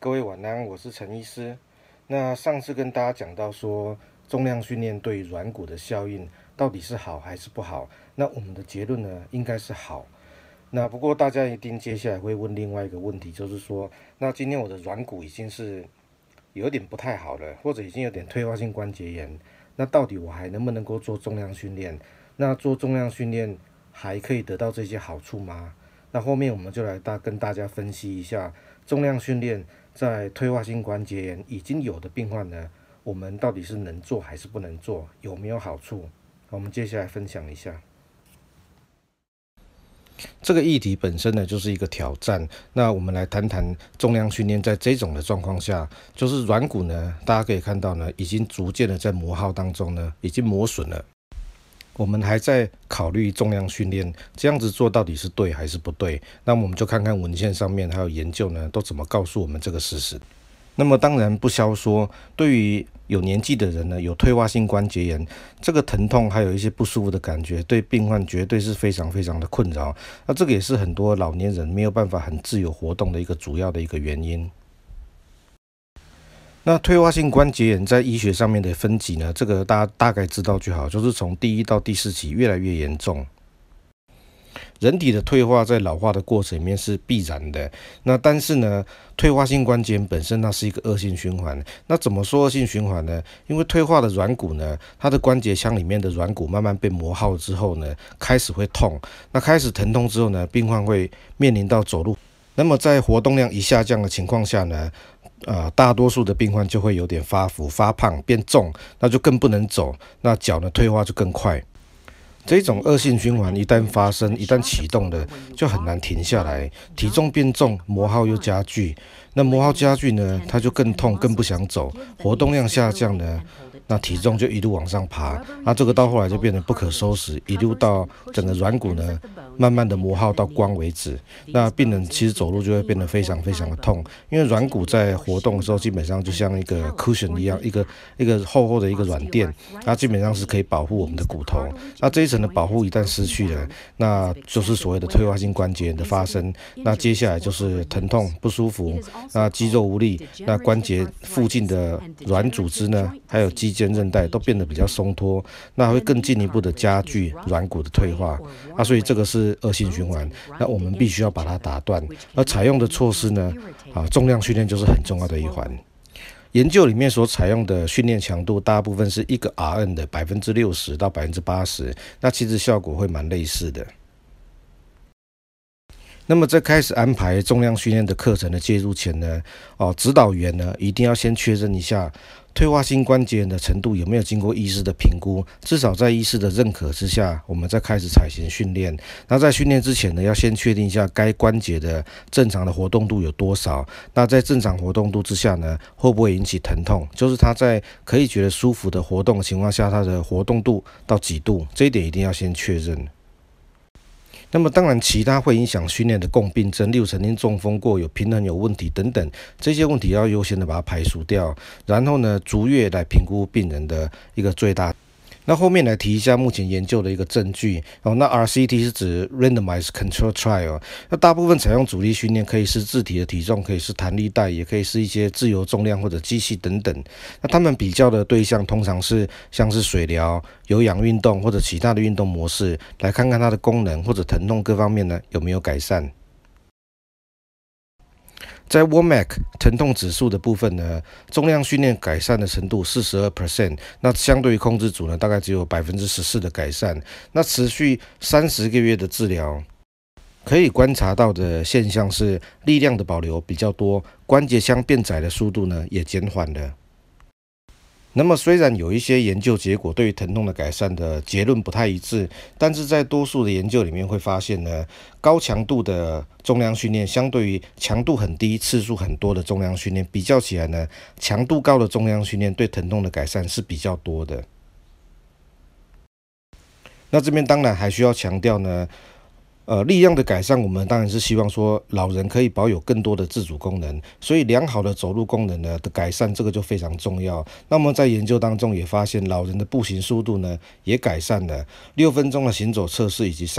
各位晚安，我是陳醫師。那上次跟大家講到說，重量訓練對軟骨的效應到底是好還是不好？那我們的結論呢，應該是好。那不過大家一定接下來會問另外一個問題，就是說，那今天我的軟骨已經是有點不太好了，或者已經有點退化性關節炎，那到底我還能不能夠做重量訓練？那做重量訓練還可以得到這些好處嗎？那後面我們就來大跟大家分析一下重量訓練。在退化性關節炎已經有的病患呢，我們到底是能做還是不能做？有沒有好處？我們接下來分享一下。這個議題本身呢，就是一個挑戰。那我們來談談重量訓練，在這種的狀況下，就是軟骨呢，大家可以看到呢，已經逐漸的在磨耗當中呢，已經磨損了。我們還在考慮重量訓練這樣子做到底是對還是不對？那我們就看看文獻上面還有研究呢，都怎麼告訴我們這個事實。那麼當然不消說，對於有年紀的人呢，有退化性關節炎，這個疼痛還有一些不舒服的感覺，對病患絕對是非常非常的困擾。那這個也是很多老年人沒有辦法很自由活動的一個主要的一個原因。那退化性關節炎在醫學上面的分級呢？這個大家大概知道就好，就是從第一到第四期越來越嚴重。人體的退化在老化的過程裡面是必然的。那但是呢，退化性關節炎本身那是一個惡性循環。那怎麼說惡性循環呢？因為退化的軟骨呢，它的關節腔裡面的軟骨慢慢被磨耗之後呢，開始會痛。那開始疼痛之後呢，病患會面臨到走路。那麼在活動量一下降的情況下呢，啊、呃，大多數的病患就會有點發福、發胖、變重，那就更不能走，那腳呢退化，就更快。這種惡性循環一旦發生、一旦啟動了，就很難停下來。體重變重，磨耗又加劇，那磨耗加劇呢，它就更痛、更不想走，活動量下降呢，那體重就一路往上爬。那這個到後來就變得不可收拾，一路到整個軟骨呢。慢慢的磨耗到光為止，那病人其實走路就會變得非常非常的痛，因為軟骨在活動的時候，基本上就像一個 cushion 一樣，一個一個厚厚的一個軟墊，它、啊、基本上是可以保護我們的骨頭。那這一層的保護一旦失去了，那就是所謂的退化性關節炎的發生。那接下來就是疼痛不舒服，那肌肉無力，那關節附近的軟組織呢，還有肌腱韌帶都變得比較鬆脫，那會更進一步的加劇軟骨的退化。那、啊、所以這個是。惡性循環，那我們必須要把它打斷。而採用的措施呢，啊、呃，重量訓練就是很重要的一環。研究裡面所採用的訓練強度，大部分是一個 RM 的百分之六十到百分之八十，那其實效果會蠻類似的。那麼在開始安排重量訓練的課程的介入前呢，哦、呃，指導員呢一定要先確認一下。退化性關節炎的程度有沒有經過醫師的評估？至少在醫師的認可之下，我們再開始採行訓練。那在訓練之前呢，要先確定一下該關節的正常的活動度有多少。那在正常活動度之下呢，會不會引起疼痛？就是他在可以覺得舒服的活動的情況下，他的活動度到幾度？這一點一定要先確認。那麼當然，其他會影響訓練的共病症，例如曾經中風過、有平衡有問題等等，這些問題要優先的把它排除掉。然後呢，逐月來評估病人的一個最大。那後面來提一下目前研究的一個證據哦。那 RCT 是指 randomized control trial，那大部分採用阻力訓練可以是自體的體重，可以是彈力帶，也可以是一些自由重量或者機器等等。那他們比較的對象通常是像是水療、有氧運動或者其他的運動模式，來看看它的功能或者疼痛各方面呢有沒有改善。在 WOMAC 疼痛指數的部分呢，重量訓練改善的程度四十二 percent，那相對於控制組呢，大概只有百分之十四的改善。那持續三十個月的治療，可以觀察到的現象是力量的保留比較多，關節腔變窄的速度呢，也減緩了。那麼，雖然有一些研究結果對於疼痛的改善的結論不太一致，但是在多數的研究裡面會發現呢，高強度的重量訓練相對於強度很低，次數很多的重量訓練比較起來呢，強度高的重量訓練對疼痛的改善是比較多的。那這邊當然還需要強調呢，呃，力量的改善，我們當然是希望說老人可以保有更多的自主功能，所以良好的走路功能呢的改善，這個就非常重要。那麼在研究當中也發現，老人的步行速度呢也改善了，六分鐘的行走測試以及上。